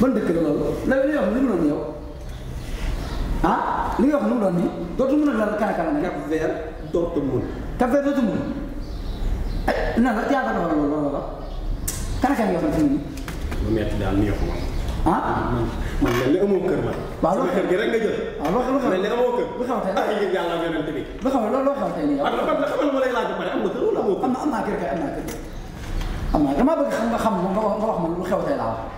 ban dëkk la loolu léegi li nga wax lu mu doon yow ah li nga wax lu mu doon nii dootu mën a dal kan kan Cap Vert dootu mën Cap Vert dootu mën ay na la yaa ko loolu loolu la kan kan yoo xam fi mu lu metti daal nii yoxu ah man mel ni amoo kër man waaw loolu kër gi rek nga jël waaw loolu xam nga mel ni amoo kër lu xaw tey ah yéen yàlla yonent bi lu xaw loolu xaw tey nii xamal ma lay laaj ba pare am nga kër wala am naa kër kay am naa kër am naa damaa bëgg xam nga xam nga wax ma lu xew tey laa wax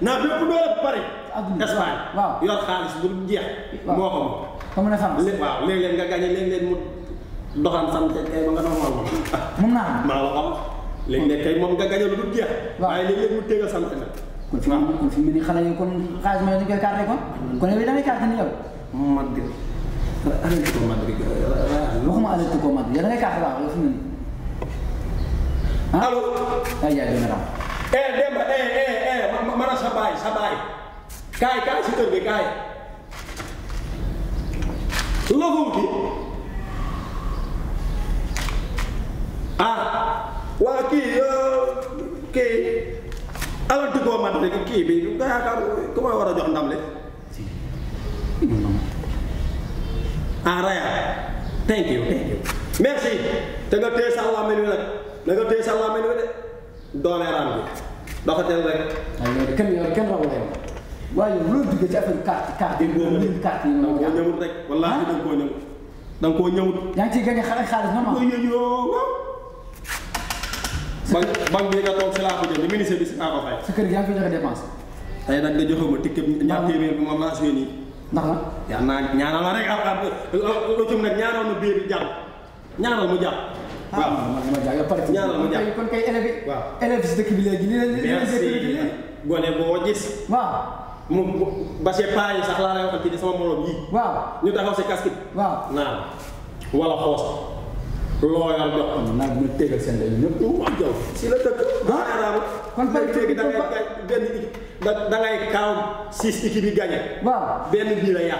na bépp doole bu pare. Espagne waaw yor xaalis bu jeex. moo ko moom. comme ne France waaw léeg-léeg nga gagné léeg-léeg mu doxaan sant kay ba nga normal moom. mun naa xam maa la xam. léeg-léeg kay moom nga gagné lu dul jeex. waaw waaye léeg-léeg mu teel a sant nag. kon fi mu kon fi mu ne xale yi kon xaalis mooy li ñu koy carte kon. Mm. kon yow da ngay carte ni yow. Madrid Atlético Madrid. waxuma Atlético Madrid yow da ngay carte waaw yow fi mu ne. ah allo. ay jaay dina mana sabai, sabai. kai kai situ kaay kai, Lo gi Ah, waki yo, ah Ala tu ko alanti koo man rek kii bi nga ma wara a jox ndam le ah raya thank you thank you merci te nga téye sa làmmiñ wi nak. nga sa làmmiñ wi de Dole ram. doxateel rek. waaw loolu kenn yow kenn raw la yow waaye yow loolu duggee ci affaire carte carte yi. ñëwul carte yi ñëw da nga koo ñëwut rek. wallaahi da nga koo ñëwut. da nga koo ñëwut. yaa ngi ciy gagné xaalis normal. da nga koy yëyoo waaw. banque bi nga toog si laa ko jël ministre bi si laa ko fay. sa kër gi yaa ngi koy joxe dépense. tey nag nga joxe ma ticket bi ñaar téeméer bi moom laa suy nii. ndax la. yaa naa ñaanal ma rek ah ah ba ba ba ba ba ba ba ba ba ba ba ba ba Wah, ma jaaga par ñaanal ma jàpp kon kay élève waaw élève si dëkk bi léegi li leen merci gone boo yang waaw ya, sama morom Wah. waaw ñu si kasih. Wah. Nah, walaupun xoos looyal jox am naa dina tégal seen lay si la dëkk daanaamu kon par léegi da ngay benn da ngay Wah. Biar lebih yi gagné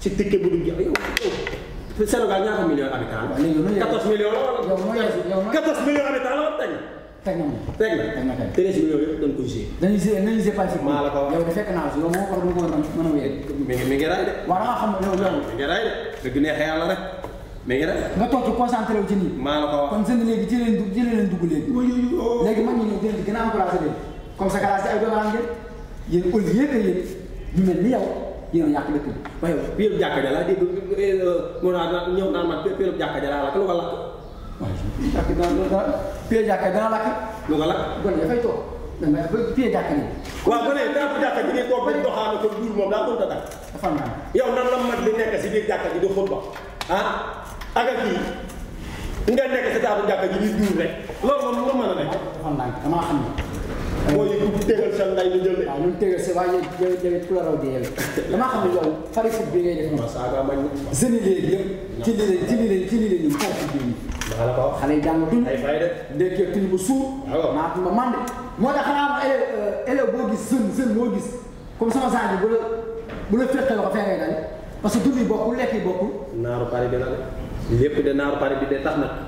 si tikke bu du Sénégal ñaata millions d'habitants la. léegi 14 millions la wala. yow mooy 14 millions d'habitants la wala teg na. teg na moom teg na teg na teg. 13 millions yëpp dañ ko gisee. dañuy gisee dañuy gisee parce que. maa la ko wax yow de fekk naa si yow moo ko doon mën a mën a wéyal. mi ngi mi ngi raay de. waaw da ngaa xam ne yow yow. mi ngi raay de dëgg neexee yàlla rek. mi ngi raay. nga toog ci concentré wu ci nii. maa la ko wax kon seen léegi jëlee leen jëlee leen dugg léegi. Oh. léegi mag ñi ñëw dégg gën a encouragé leen comme sa classe ay doon ngeen yéen au lieu que yéen ñu mel ni yow yéen a yàq dëkk bi waaye péeru jàkka ja laa dégg moo naa ñëw naa man péeru jàkka ja laa lakk lu ko lakk jàkk dana péeru jàkka dana lakk lu ko lakk gone dafay toog dama jàkka ni ko jàkka moom daa mënut a dakk dafa naan yow nan la mag li si biir jàkka ji di xutba ah ak ak nga nekk si taatu jàkka ji di duur rek loolu moom lu mën a nekk dafa naan damaa xam mooy tegal sa nday lu tegal sa waaye yow yow ku la raw di yële damaa xam ne yow pari foot bi ngay def moom. saaga mañ jeunes yi léegi yëpp ci lii ci lii ci lii ñu pari foot bi ñu. xale yi jàng duñ. ay fay de. ndekkee tuñ bu suur. a maa ma mande. moo tax xanaa ma euh, élève boo gis jeune jeune boo gis comme sama saa bi bu la bu la que dund yi bokkul lekk yi bokkul. naaru pari bi nag tax na.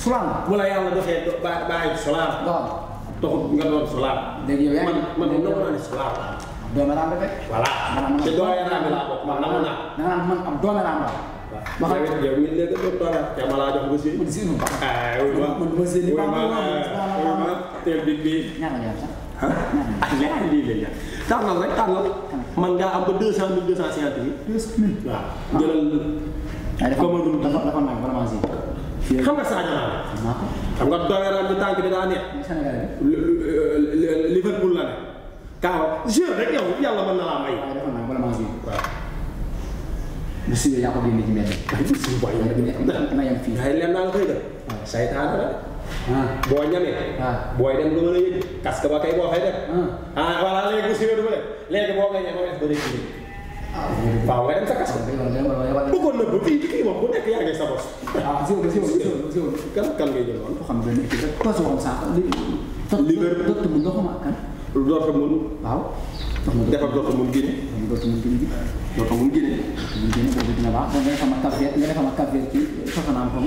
sulaam ya, ya. wala yàlla defee itu baik, sulaam waaw toh enggak doon sulam. dégg yow man man na ko naan sulaam doome raam la fekk voilà ci doome raam la bokk man man am doome raam la ma xam yow ñu léegi doon doole te ma laa jox nga si man sinu ba ay wa man ma sinu ba ma ma tel bi bi ñaan ñaan sax ah xam nga Sadio Kamu xam nga doy kita ci tànk bi daa neex Liverpool la ne kaaw jeu rek yow yàlla mën na laa may bu suwee yaa ko génne ci mbedd bu yang booy ñam dama yam fii day leen ah voilà léegi bu suwee du ma def léegi boo gañee waaw nga dem sa kas. bëggoon na ba fii kii wax bu nekk yaa ngi sa bos. ah ziw ziw ziw kan kan ngay jël woon. xam nga benn équipe rek posé woon sànq. Liverpool dott mu nga xam ak kan. dott mun. waaw. defar dott mun Guinée. dott mun Guinée. dott mun Guinée. mun Guinée boobu dina baax nga defal ma Cap Vert nga defal ma Cap Vert ci Tottenham ko.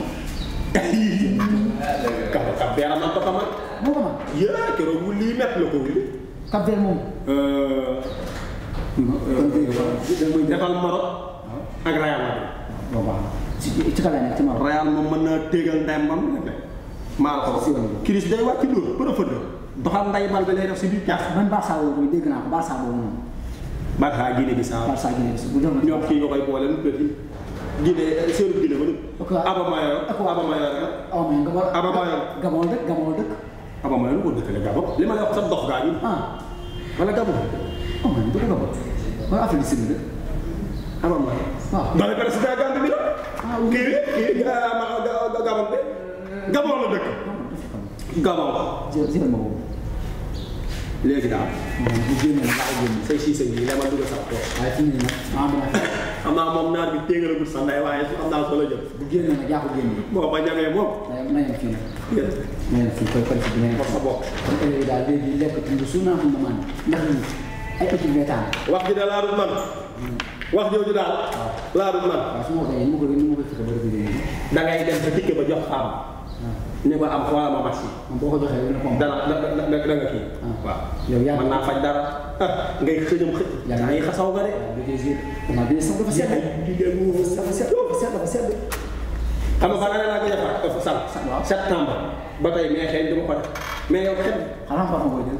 Cap Cap Vert am na Tottenham. moo ko man. yéen keroog lii métti la ko wuli. Cap Vert moom. muy defal Maroc ak Real Madrid. ci xale nekk ci Maroc. Real moom mën naa téegal ndeyam ba mu nekk. maa ko Chris day wàcc loolu pour que doxal nday bal bi lay def si biir caax. man Barça boobu dégg naa ko Barça boobu moom. Barça Guinée Bissau. Barça Guinée Bissau bu doon ñoom kii nga koy boole mu petit. Guinée seenu Guinée ba dëkk. Abamayoro Abamayoro rek. Abamayoro Gabon dëkk Gabon dëkk. Abamayoro ko dëkkale Gabon. li ma lay wax sa dox gaa yi. ah wala Gabon. moom man bëgg nga ko man affaire bi si biir xamal ma waaw. dans le président Gambie bi la. ah oui kii kii Gabon de Gabon la dëkk. Gabon. jërëjëf ma woo. léegi daal. bu génnoon laa génn. say sii sëñ bi lay ma dugg sa tool. waaye fi mu ne nag xam naa moom naar bi téegalagul sa ndey waaye su xam naa soo la jëm. bu génnoon nag yaa ko génne. boo ba ñamee moom. na ngeen fii. na ngeen fii koy koy fi dinañ ko sa bopp. kon daal léegi lekk tudd su naa ko ndax nekk ci reetaan wax ji de laarul man wax jooju daal laarul man da ngay dem sa tikke ba jox am ah. ni ko am xoolal ma marché boo ko joxee dana dana danga kii ah. waaw yow yaa mën naa faj dara ngay xëjëm xëj yaa ngi xasaw nga de dafa sedd dafa sedd dafa sedd xam nga balaa laa koy defar sal septembre ba tey mais xëy na du ma ko def mais yow xet xanaa xam nga koy jël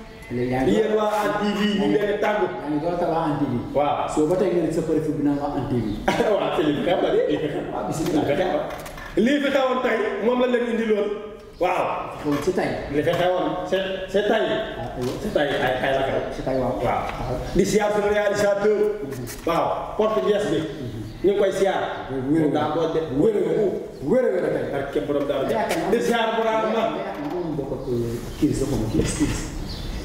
yéen waa Hann TV ñu ngi leen di tàggu. waa Hann TV. waaw soo ba tey ngeen sa pare fi binaan waa Hann TV. waaw c'est li fi xew de. waaw bisimilah lii fi xewoon tey moom la leen indi lool waaw. xew si tey. li fi xewoon c' est c' est tey. c' est tey ay ay la xew. c' est tey waaw waaw. Ah, di siyaar suñu réalisateur. Mm-hmm. waaw portugais bi. Mm-hmm. ñu ngi koy siyaar. wéer mm-hmm. wéer daa boo de wéer wéer wéer tey. ak képp borom daal di siyaar bu raadu ma.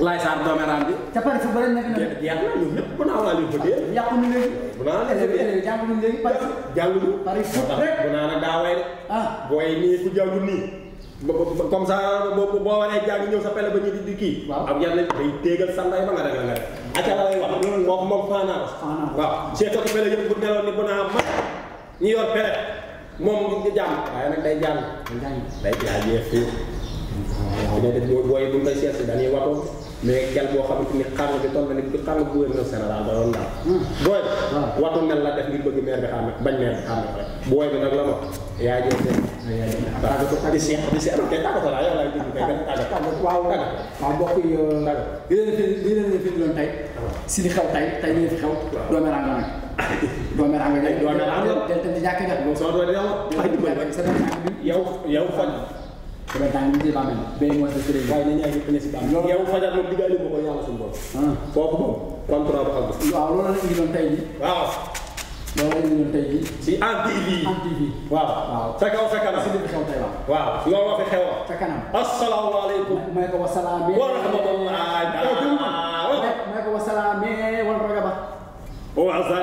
laay saar meranti. raam bi ca pare fu bëri nekk punya. jeex punya. ñoom ñëpp punya naa waali bu dee yàqu ñu léegi bu naa la léegi jàng ñu léegi pare jàng ñu pare fu rek bu naa la daa way ah booy nii ku jàng nii comme ça boo boo waree jàng ñëw sa pelle ba ñu di di kii am yàlla day téegal sanday ba nga danga nga acca la lay wax moom moom faanaa waaw seetatu pelle yëpp bu neloon ni bu naa mat ñu yor pelle moom di jàng waaye nag day jàng day jàng dina def boo booyee bu ñu koy seet si dañuy waxoon mais gel boo xamante ni xarnu bi toll na ni xarnu gouverneur général da doon daal. booy bi. waxtu mel la def ngir bëgg maire bi xam ne bañ maire bi xam ne ko rek. booy bi nag la ma yaa jël seen. yaa jël seen tàggatu di seet di seet kay tàggatu laa yow laa dégg kay tàggatu. waaw waaw mbokk yi li leen fi li leen fi doon tey si li xew tey tey li fi xew doomeraan la nag doomeraan nga doomeraan nga del tam di ñàkk a ñàkk loolu soo doon yow yow yow fan dama tàng ci bàmmeel bee mooy sa sëriñ waaye na ñaay ñëpp ne si bàmmeel loolu yow fajal moom digaale ma ko yàlla suñu borom foofu moom contrat bu àgg waaw loolu la ñu doon tey ji waaw loolu la ñu doon tey ji si en TV en TV waaw waaw sa kaw sa kanam si li xew tey waaw waaw loolu ma fi xew sa kanam asalaamaaleykum may eh, ko wasalaamee wa rahmatullahi wa barakatuh oh, may ko wasalaamee wal ragaba wa